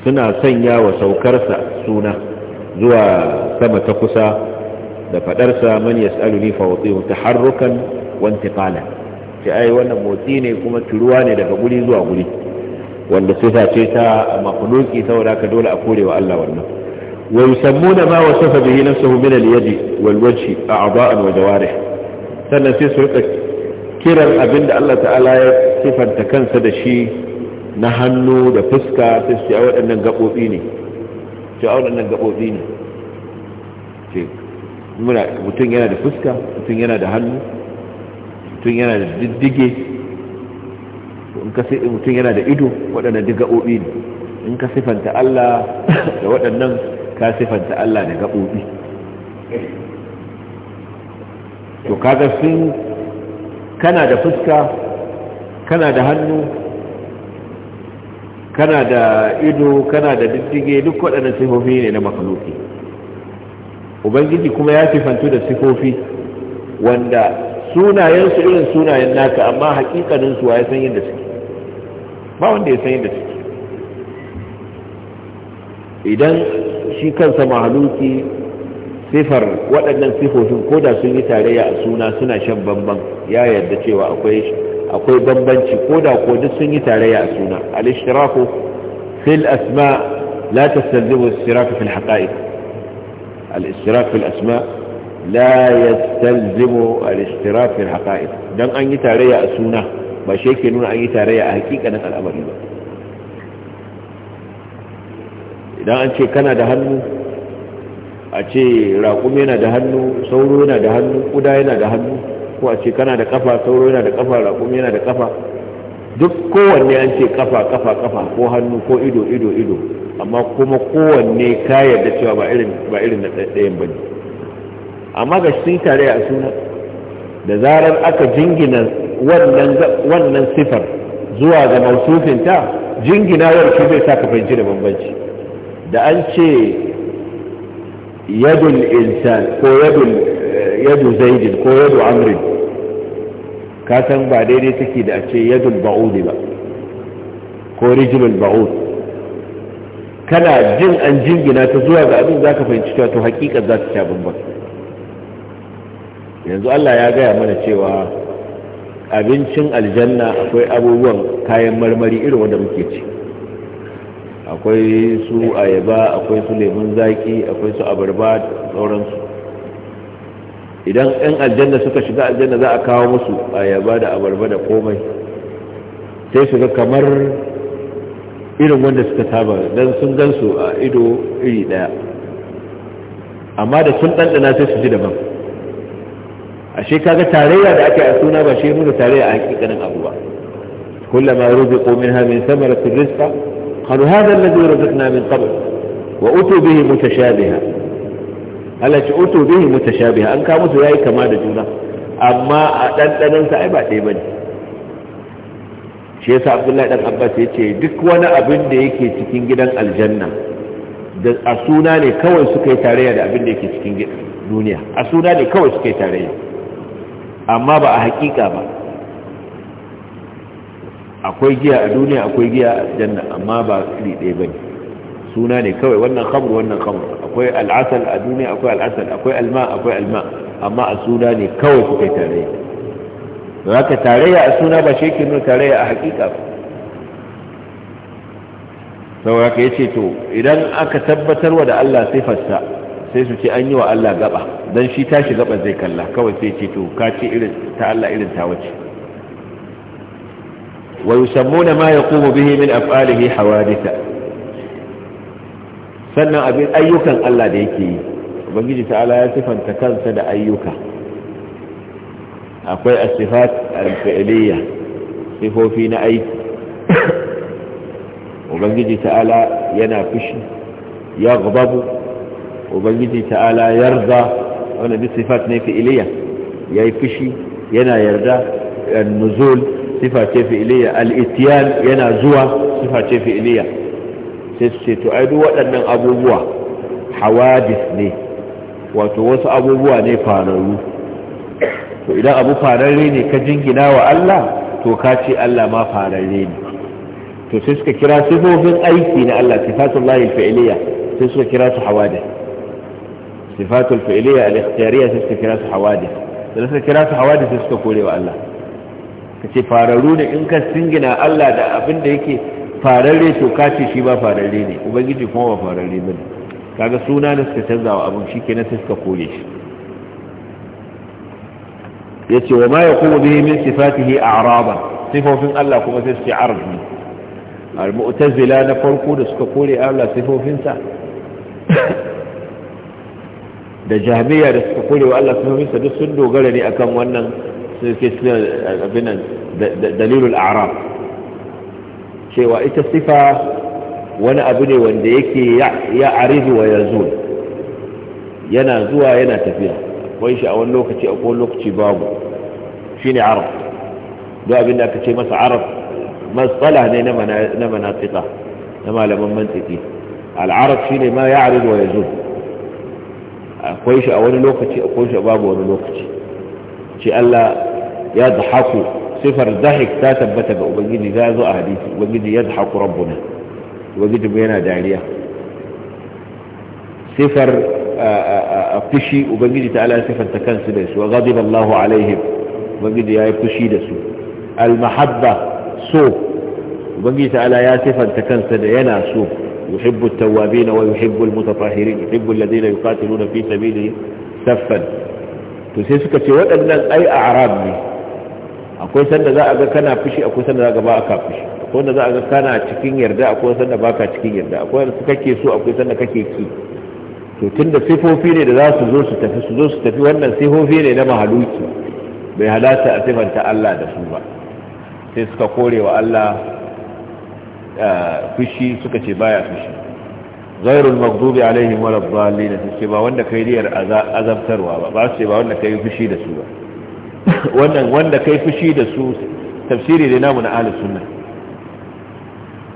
suna sanya wa saukarsa suna zuwa sama ta kusa da fadarsa man yas'aluni fa wati'u taharrukan wa intiqala sai ai wannan motsi ne kuma turuwa ne daga guri zuwa guri wanda sifa ce ta makhluki saboda ka dole a kore wa Allah wannan wa yusammuna ma wasafa bihi nafsuhu min al-yadi wal wajhi a'dha'an wa jawarih sannan sai su rika kiran abinda Allah ta'ala ya sifanta kansa da shi na hannu da fuska sai su a waɗannan gaɓoɓi ne ce a waɗannan gaɓoɓi ne ce mutum yana da fuska mutum yana da hannu mutum yana da diddige to in ka sai mutum yana da ido waɗannan duk gaɓoɓi ne in ka sifanta Allah da waɗannan ka sifanta Allah da gaɓoɓi to kaga sun kana da fuska kana da hannu kana da ido kana da diddige duk waɗannan sifofi ne na makaloki ubangiji kuma ya sifantu da sifofi wanda sunayensu irin sunayen naka amma hakikanin su ya san yadda suke ba wanda ya san yadda take idan shi kansa mahaluki sifar waɗannan sifofin ko da sun yi tarayya a suna suna shan bambam ya yarda cewa akwai akwai bambanci ko da ko duk sun yi tarayya a suna al-ishtiraku fil asma la tastalzimu al-ishtirak fil haqa'iq al-ishtirak fil asma la yastalzimu al-ishtirak fil haqa'iq dan an yi tarayya a suna ba shi yake nuna an yi tarayya a hakikanin al'amari ba idan an ce kana da hannu a ce raƙum yana da hannu sauro yana da hannu ƙuda yana da hannu ko a ce kana da kafa sauro yana da kafa raƙum yana da kafa duk kowanne an ce kafa kafa kafa ko hannu ko ido ido ido amma kuma kowanne ka yarda cewa ba irin ba irin na ɗayan bane amma ga shi tare a suna da zarar aka jingina wannan sifar zuwa ga mausufinta jinginawar shi zai sa ka fahimci da bambanci da an ce yadul insan ko eh, yadu zaidin ko yadu amrin ka san ba daidai take da a ce yadul ba'udi ba ko rijilul ba'ud kana jin an jingina ta zuwa ga abin za ka fahimci cewa to hakikar za ta sha bambam yanzu allah ya gaya mana cewa abincin aljanna akwai abubuwan kayan marmari irin wanda muke ci akwai su ayaba akwai su lemun zaki akwai su abarba sauransu idan 'yan aljanna suka shiga aljanna za a kawo musu ayaba da abarba da komai sai su ga kamar irin wanda suka saba don sun gansu a ido iri daya amma da sun ɗanɗana sai su ji daban ashe kaga tarayya da ake a suna ba shi nuna tarayya a hakikanin abu ba kullama ruziqu minha min thamaratir rizqa qalu hadha alladhi ruziqna min qabl wa utu bihi mutashabiha Allah ce utu bihi mutashabiha an ka musu yayi kama da juna amma a dandanan sa ai ba ɗaya bane shi yasa Abdullahi dan Abbas yace duk wani abin da yake cikin gidan aljanna da a suna ne kawai suka yi tarayya da abin da yake cikin duniya a suna ne kawai suka yi tarayya amma ba a hakika ba akwai giya a duniya akwai giya a janna amma ba iri ɗaya ba suna ne kawai wannan khamr wannan khamr akwai al'asal a duniya akwai al'asal akwai alma akwai alma amma a suna ne kawai suka yi tarayya da haka tarayya a suna ba shi nuna tarayya a hakika ba saboda ka ce to idan aka tabbatar wa da Allah sifarsa sai su ce an yi wa Allah gaba don shi tashi gaba zai kalla kawai sai ce to ka ce irin ta Allah irin ta wace wa yusammuna ma yaqumu bihi min af'alihi hawaditha sannan abin ayyukan Allah da yake yi ubangiji ta'ala ya sifanta kansa da ayyuka akwai asifat al-fi'liya sifofi na aiki ubangiji ta'ala yana fushi ya gubabu ubangiji ta'ala yarda wanda bi sifat ne ya yayi fushi yana yarda an-nuzul sifa ce fi'iliya al-ityan yana zuwa sifa ce fi'iliya sai su ce to ai duk waɗannan abubuwa hawadith ne wato wasu abubuwa ne fararru to idan abu fararre ne ka jingina wa Allah to ka ce Allah ma fararre ne to sai suka kira sifofin aiki na Allah sifatullahi iliya. sai suka kira su hawadith sifatu alfi'liya al-ikhtiyariya sai suka kira su hawadith da suka kira su hawadith suka kore wa Allah kace fararu ne in ka singina Allah da abinda da yake fararre to ka ce shi ba fararre ne ubangiji kuma ba fararre bane kaga suna da suka canza wa abin shikenan sai kore shi wa a'raba sifofin Allah kuma sai al na farko da suka kore Allah sifofinsa da jami'a da suka kure wa Allah sunominsa duk sun dogara ne akan wannan suke abinan dalilul arab cewa ita sifa wani abu ne wanda yake ya arihu wa ya yana zuwa yana tafiya akwai shi a wani lokaci a kowane lokaci babu shi ne arab duk abin da aka ce masa arab matsala ne na manatsika na malaman mantiki al'arab shi ne ma ya arihu wa ya akwai shi a wani lokaci akwai shi babu wani lokaci ce Allah ya dhahaku sifar dhahik ta tabbata ga ubangiji ta zo a hadisi ubangiji ya dhahaku rabbuna ubangiji yana dariya sifar a fushi ubangiji ta ala sifanta kansu da su wa ghadiba Allahu alaihim ubangiji ya yi fushi da su al mahabba so ubangiji ta ala ya sifanta kansa da yana so يحب التوابين ويحب a'rab ne akwai sanda za a ga kana fushi akwai sanda za ka ba ka fushi akwai sanda za a ga kana cikin yarda akwai sanda ba cikin yarda akwai sanda kake so akwai sanda kake ki to tunda sifofi ne da za su zo su tafi su zo su tafi wannan sifofi ne na mahaluki bai halarta a sifanta Allah da su ba sai suka kore wa Allah fushi suka ce baya fushi zairul maghdubi alaihim wa dhalin ce ba wanda kai riyar azabtarwa ba ba ce ba wanda kai fushi da su ba (coughs) wannan wanda kai fushi da su tafsiri ne namu na ahlus sunna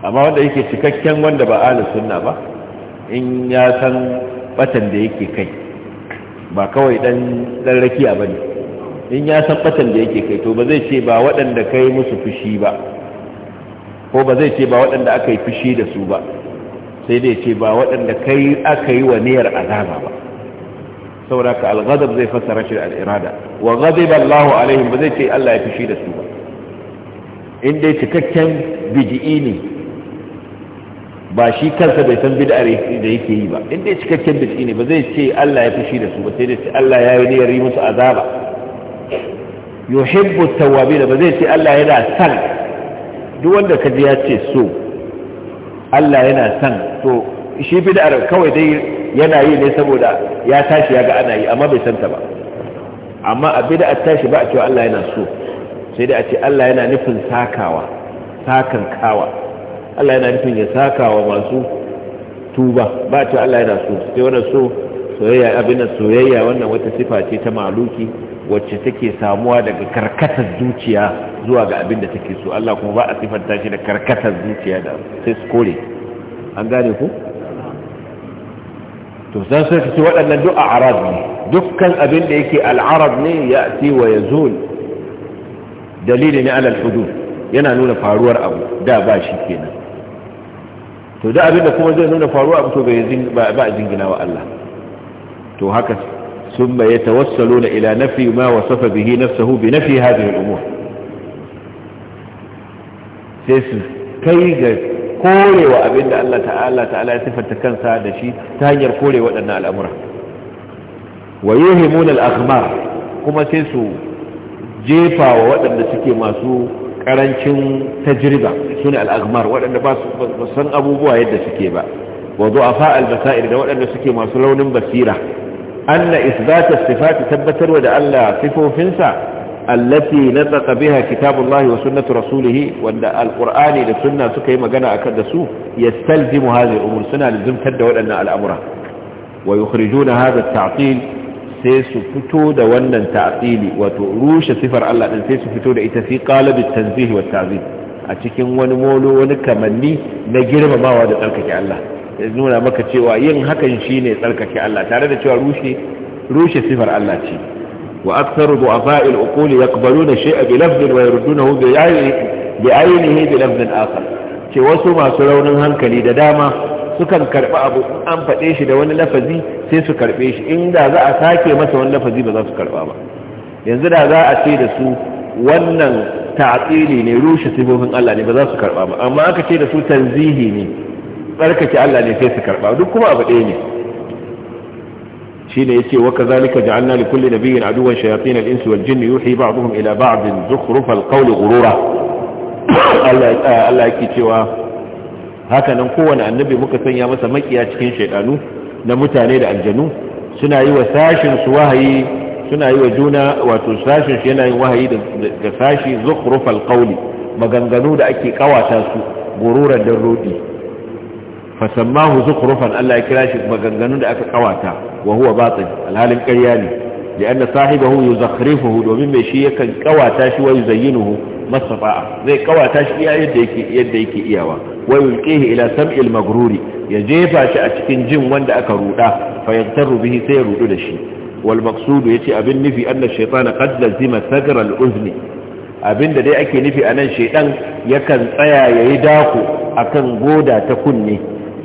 amma wanda yake cikakken wanda ba ahlus sunna ba in ya san batan da yake kai ba kawai dan dan rakiya bane in ya san batan da yake kai to ba zai ce ba waɗanda kai musu fushi ba ko ba zai ce ba waɗanda aka yi fushi da su ba sai dai ce ba waɗanda kai aka yi wa niyyar azaba ba saboda ka al-ghadab zai fassara shi da al-irada wa ghadiba Allahu alaihim ba zai ce Allah ya fushi da su ba in dai cikakken bid'i ne ba shi kansa bai san bid'ar da yake yi ba in dai cikakken bid'i ne ba zai ce Allah ya fushi da su ba sai dai ce Allah ya yi niyyar yi musu azaba yuhibbu at-tawwabin ba zai ce Allah yana san duk wanda ka ji ya ce so Allah yana son to shi da kawai dai yana yi ne saboda ya tashi ya ga ana yi amma bai santa ba amma a a tashi ba a cewa Allah yana so sai dai a ce Allah yana nufin sakawa sakan kawa Allah yana nufin ya sakawa masu tuba ba a cewa Allah yana so sai wannan so soyayya abin soyayya wannan wata sifa ce ta maluki wacce take samuwa daga karkatar zuciya zuwa ga abin da take so Allah kuma ba a sifanta shi da karkatar zuciya da sai su kore an gane ku to san sai ce waɗannan duk a'rad ne dukkan abin da yake al'arab ne ya ci wa yazul dalili ne alal hudud yana nuna faruwar abu da ba shi kenan to da abin da kuma zai nuna faruwar abu to ba a jingina wa Allah to haka ثم يتوسلون إلى نفي ما وصف به نفسه بنفي هذه الأمور سيسن كي كوري وأبن الله تعالى تعالى يتفت كان سعادة شيء تهجر كوري وأن الأمر ويوهمون الأغمار كما سيسو جيفا وأن سكي ماسو karancin tajriba su ne al'agmar waɗanda ba su san abubuwa yadda suke ba wa zuwa fa'al basa'ir da waɗanda suke masu launin basira anna isbata sifati tabbatarwa da Allah sifofinsa allati nataqa biha kitabullahi wa sunnatu rasulih wanda alqur'ani da sunna suka yi magana akan da su yastalzimu hadhihi al suna lazimtar da waɗannan al'amura wa yukhrijuna hadha at-ta'til sai su fito da wannan ta'tili wato rushe sifar Allah din sai su fito da ita fi qalb at wa at a cikin wani molo wani kamanni na girmamawa da tsarkake Allah ya nuna maka cewa yin hakan shine tsarkake Allah tare da cewa rushe sifar Allah ce wa aktharu du'afa al-uqul yaqbaluna shay'a a lafdin wa yaruddunahu bi bi aynihi ainihi lafdin akhar ce wasu masu raunin hankali da dama sukan karɓi abu an faɗe shi da wani lafazi sai su karɓe shi inda za a sake masa wani lafazi ba za su karɓa ba yanzu da za a ce da su wannan ta'atili ne rushe sifofin Allah ne ba za su karɓa ba amma aka ce da su tanzihi ne tsarkake Allah ne sai su karba duk kuma abu ɗaya ne shine yace wa kazalika ja'alna li kulli nabiyyin aduwwan shayatin al-insi wal jinni yuhi ba'dhum ila ba'd zukhruf al-qawl ghurura Allah eh, Allah yake cewa haka nan kowane annabi muka sanya masa makiya cikin shaydanu na mutane da aljanu suna yi wa sashin su wahayi suna yi wa juna wato sashin shi yana yin wahayi da sashi zukhruf al-qawl maganganu da ake kawata su gururar dan rodi fasammahu zukhrufan Allah ya kira shi maganganun da aka kawata wa huwa batil alhalin ƙarya ne da anna sahibahu yuzakhrifuhu domin mai shi yakan kawata shi wa yuzayyinuhu masafa'a zai kawata shi ya yadda yake yadda yake iyawa wa yulqihi ila sam'il magruri ya jefa shi a cikin jin wanda aka ruda fa yagtaru bihi sai ya rudu da shi wal ya yace abin nufi anna shaytana qad lazima sagra al uzni abinda dai ake nufi anan shaydan yakan tsaya yayi dako akan goda ta kunne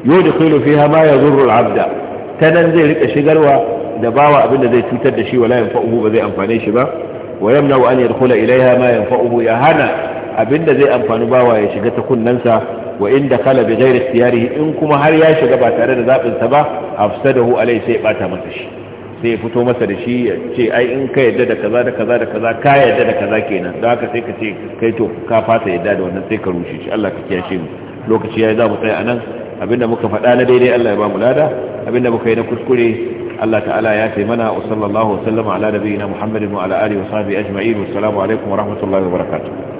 yau da fiha ma ya al-abda nan zai rika shigarwa da bawa abin da zai cutar da shi wala yanfa'uhu ba zai amfane shi ba wa yamna'u an yadkhula ilaiha ma yanfa'uhu ya hana abin da zai amfani bawa ya shiga ta kunnansa wa inda kala bi ghairi ikhtiyarihi in kuma har ya shiga ba tare da zabin sa ba afsadahu alai sai bata masa shi sai ya fito masa da shi ya ce ai in ka yadda da kaza da kaza da kaza ka yadda da kaza kenan don haka sai ka ce kai to ka fata yadda da wannan sai ka rushe shi Allah ka kiyashe mu lokaci yayi za mu tsaya anan abinda muka faɗa na daidai Allah ya ba mu lada abinda muka yi na kuskure Allah ta'ala ya sai mana wa sallallahu wa sallama ala nabiyina Muhammadin wa ala alihi wa sahbihi ajma'in wa assalamu alaikum wa rahmatullahi wa barakatuh